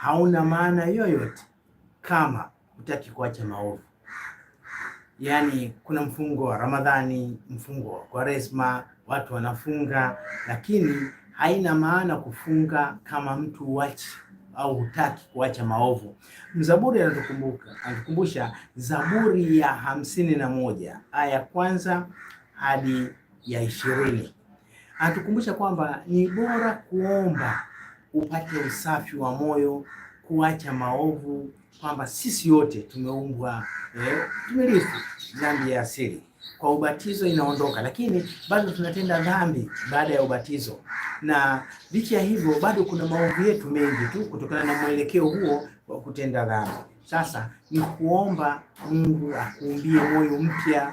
hauna maana yoyote kama hutaki kuacha maovu. Yaani, kuna mfungo wa Ramadhani, mfungo wa Kwaresma, watu wanafunga, lakini haina maana kufunga kama mtu uachi au hutaki kuacha maovu. Mzaburi anatukumbuka anatukumbusha Zaburi ya hamsini na moja aya ya kwanza hadi ya ishirini anatukumbusha kwamba ni bora kuomba upate usafi wa moyo, kuacha maovu, kwamba sisi wote tumeumbwa eh, tumelifu dhambi ya asili kwa ubatizo inaondoka, lakini bado tunatenda dhambi baada ya ubatizo, na licha ya hivyo bado kuna maovu yetu mengi tu kutokana na mwelekeo huo wa kutenda dhambi. Sasa ni kuomba Mungu akuumbie moyo mpya.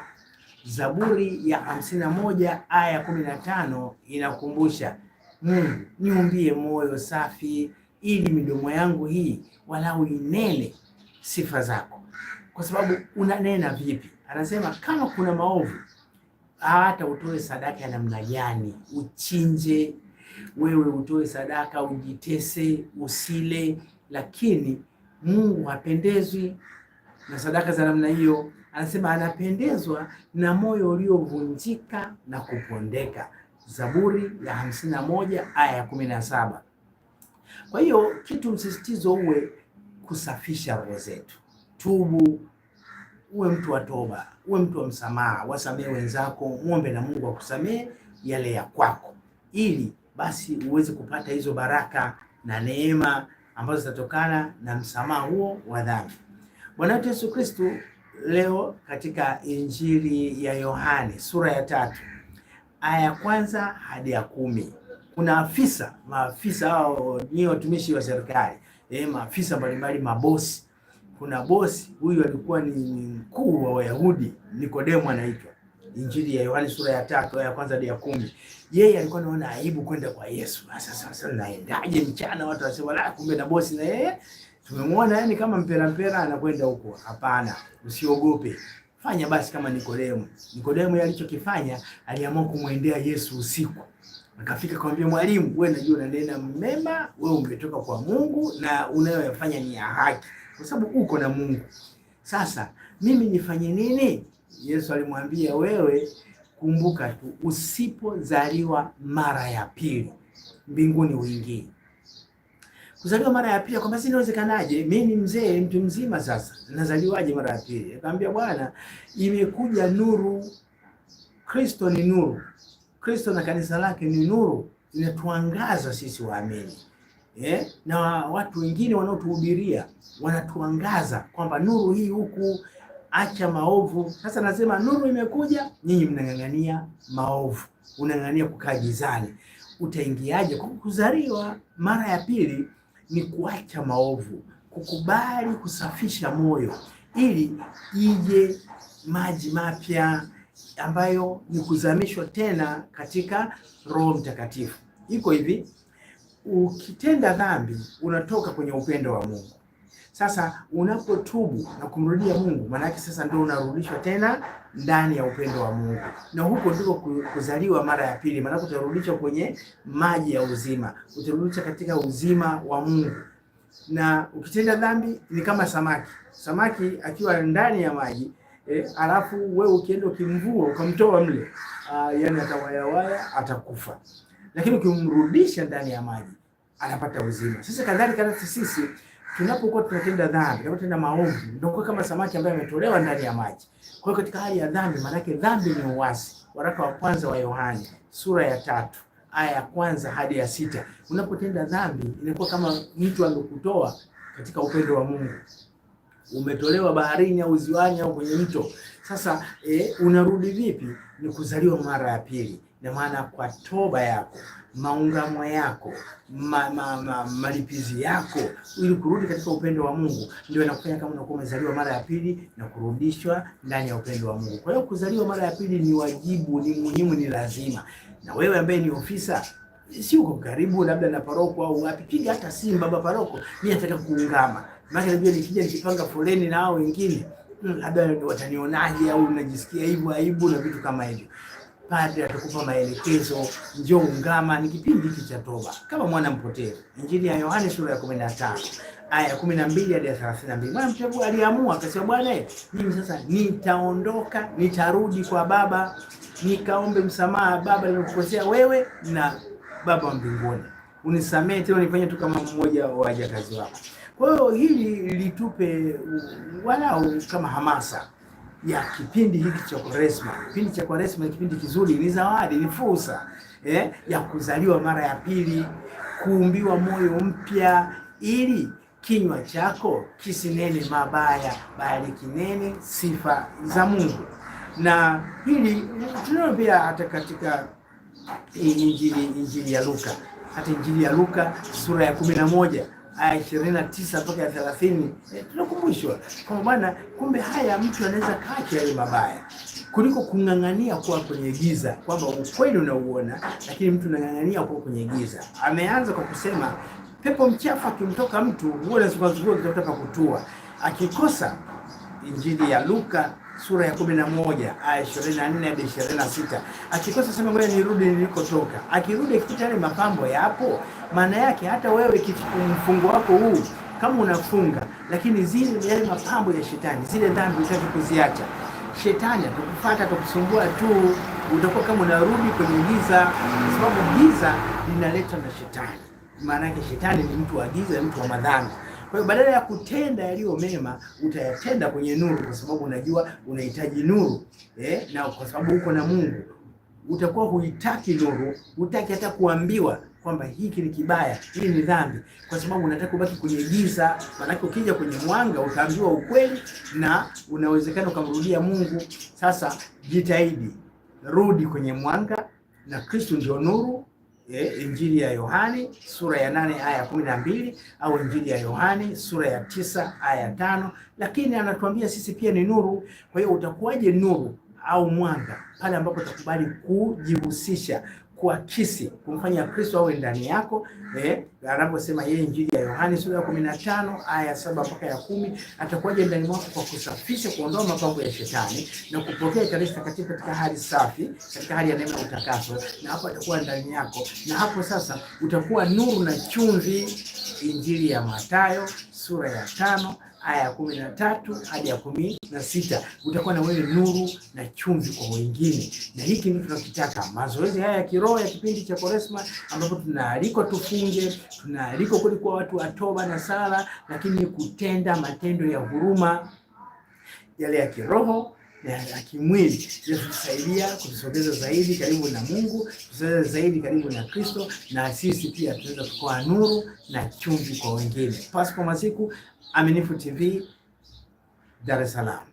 Zaburi ya hamsini na moja aya kumi na tano inakumbusha Mungu hmm, niumbie moyo safi, ili midomo yangu hii walau inene sifa zako, kwa sababu unanena vipi? Anasema kama kuna maovu, hata utoe sadaka ya namna gani, uchinje wewe, utoe sadaka, ujitese, usile, lakini Mungu hapendezwi na sadaka za namna hiyo. Anasema anapendezwa na moyo uliovunjika na kupondeka. Zaburi ya hamsini na moja aya ya kumi na saba. Kwa hiyo kitu msisitizo uwe kusafisha roho zetu, tubu, uwe mtu wa toba, uwe mtu wa msamaha, wasamehe wenzako, muombe na Mungu akusamehe yale ya kwako, ili basi uweze kupata hizo baraka na neema ambazo zitatokana na msamaha huo wa dhambi. Bwana wetu Yesu kristu leo katika Injili ya Yohane sura ya tatu aya ya kwanza hadi ya kumi. Kuna afisa maafisa hao ni watumishi wa serikali e, maafisa mbalimbali mabosi. Kuna bosi huyu alikuwa ni mkuu wa Wayahudi, Nikodemo anaitwa, Injili ya Yohani sura ya tatu aya ya kwanza hadi ya kumi. Yeye alikuwa anaona aibu kwenda kwa Yesu. Sasa sasa naendaje mchana, watu wasema la, kumbe na bosi na yeye tumemwona, yani kama mpera mpera anakwenda huko. Hapana, usiogope fanya basi kama Nikodemo. Nikodemo alichokifanya aliamua kumwendea Yesu usiku, akafika kumwambia, mwalimu, wewe najua unanena mema, wewe umetoka kwa Mungu na unayoyafanya ni ya haki, kwa sababu uko na Mungu. Sasa mimi nifanye nini? Yesu alimwambia, wewe kumbuka tu, usipozaliwa mara ya pili mbinguni uingie kuzaliwa mara ya pili, kwamba si inawezekanaje, mimi ni mzee, mtu mzima, sasa nazaliwaje mara ya pili? Akamwambia bwana, imekuja nuru. Kristo ni nuru, Kristo na kanisa lake ni nuru, inatuangaza sisi waamini eh? na watu wengine wanaotuhubiria wanatuangaza kwamba nuru hii huku, acha maovu. Sasa nasema nuru imekuja, nyinyi mnang'ang'ania maovu, unang'ang'ania kukaa gizani, utaingiaje? Kwa kuzaliwa mara ya pili ni kuacha maovu, kukubali kusafisha moyo ili ije maji mapya ambayo ni kuzamishwa tena katika Roho Mtakatifu. Iko hivi, ukitenda dhambi unatoka kwenye upendo wa Mungu sasa unapotubu na kumrudia Mungu, maana yake sasa ndio unarudishwa tena ndani ya upendo wa Mungu, na huko ndiko kuzaliwa mara ya pili, maana utarudishwa kwenye maji ya uzima, utarudishwa katika uzima wa Mungu. Na ukitenda dhambi ni kama samaki, samaki akiwa ndani ya maji E, alafu wewe ukienda ukimvua ukamtoa mle, uh, yani atawayawaya, atakufa, lakini ukimrudisha ndani ya maji anapata uzima. Sasa kadhalika sisi tunapokuwa tunatenda dhambi, tunatenda maovu, ndio kama samaki ambaye ametolewa ndani ya maji. Kwa hiyo katika hali ya dhambi, maana yake dhambi ni uasi. Waraka wa kwanza wa Yohani sura ya tatu aya ya kwanza hadi ya sita. Unapotenda dhambi inakuwa kama mtu amekutoa katika upendo wa Mungu, umetolewa baharini au ziwani au kwenye mto. Sasa e, unarudi vipi? Ni kuzaliwa mara ya pili. Ndio maana kwa toba yako, maungamo yako, ma, ma, ma, malipizi yako, ili kurudi katika upendo wa Mungu, ndio inakufanya kama unakuwa umezaliwa mara ya pili na kurudishwa ndani ya upendo wa Mungu. Kwa hiyo kuzaliwa mara ya pili ni wajibu, ni muhimu, ni lazima. Na wewe ambaye ni ofisa si uko karibu labda na paroko au wapi, piga hata simu, baba paroko, mimi nataka kuungama, maana najua nikija nikipanga foleni na hao wengine mm, labda watanionaje, au unajisikia hivyo aibu na vitu kama hivyo padri atakupa maelekezo, njoo ungama. Ni kipindi hiki cha toba kama mwana mpotevu, Injili ya Yohane sura ya 15 aya ya 12 hadi 32. Mwana mpotevu aliamua akasema, Bwana, mimi sasa nitaondoka, nitarudi kwa Baba nikaombe msamaha. Baba, nimekukosea wewe na Baba wa mbinguni, unisamehe tena nifanye tu kama mmoja wa wajakazi wako. Kwa hiyo hili litupe walau kama hamasa ya kipindi hiki cha Kwaresma. Kipindi cha Kwaresma ni kipindi kizuri, ni zawadi, ni fursa eh, ya kuzaliwa mara ya pili, kuumbiwa moyo mpya, ili kinywa chako kisinene mabaya, bali kinene sifa za Mungu. Na hili tunaona pia hata katika Injili, Injili ya Luka, hata Injili ya Luka sura ya kumi na moja Ah, ishirini na tisa mpaka ya thelathini eh, tunakumbushwa kwamba bwana, kumbe haya mtu anaweza kaacha yale mabaya kuliko kung'ang'ania kuwa kwenye giza, kwamba ukweli unauona, lakini mtu unang'ang'ania kuwa kwenye giza. Ameanza kwa kusema pepo mchafu akimtoka mtu huwa anazungazunguka akitafuta pa kutua, akikosa Injili ya Luka sura ya 11 aya 24 hadi 26. Akikosa sema ngoja nirudi nilikotoka, akirudi akikuta yale mapambo yapo, maana yake hata wewe mfungo wako huu kama unafunga, lakini zile yale mapambo ya shetani, zile dhambi utaki kuziacha, shetani atakufuata atakusumbua tu, utakuwa kama unarudi kwenye giza, kwa sababu giza linaletwa na shetani. Maana yake shetani ni mtu wa giza, mtu wa madhambi. Kwa hiyo badala ya kutenda yaliyo mema utayatenda kwenye nuru, kwa sababu unajua unahitaji nuru eh, na kwa sababu uko na Mungu utakuwa huitaki nuru, hutaki hata kuambiwa kwamba hiki ni kibaya, hii ni dhambi, kwa sababu unataka kubaki kwenye giza. Maanake ukija kwenye mwanga utaambiwa ukweli na unawezekana ukamrudia Mungu. Sasa jitahidi, rudi kwenye mwanga, na Kristo ndio nuru eh, Injili ya Yohani sura ya nane aya ya kumi na mbili au Injili ya Yohani sura ya tisa aya ya tano lakini anatuambia sisi pia ni nuru. Kwa hiyo utakuwaje nuru au mwanga? Pale ambapo utakubali kujihusisha kuakisi kumfanya Kristo awe ndani yako eh, anaposema yeye Injili ya Yohani sura ya 15 aya saba mpaka ya kumi, atakuwaje ndani mwako kwa kusafisha, kuondoa mapango ya shetani na kupokea Ekaristi Takatifu katika hali safi, katika hali ya neema utakaso, na hapo atakuwa ndani yako, na hapo sasa utakuwa nuru na chumvi. Injili ya Mathayo sura ya tano aya ya kumi na tatu hadi ya kumi na sita utakuwa na wewe nuru na chumvi kwa wengine, na hiki ndio tunakitaka, mazoezi haya ya kiroho ya kipindi cha Kwaresma, ambapo tunaalikwa tufunge, tunaalikwa kulikuwa watu wa toba na sala, lakini kutenda matendo ya huruma yale ya kiroho ya kimwili tusaidia kutusogeza zaidi karibu na Mungu, tusogeza zaidi karibu na Kristo, na sisi pia tunaweza kukoa nuru na chumvi kwa wengine. Pasco Masiku Aminifu TV, Dar es Salaam.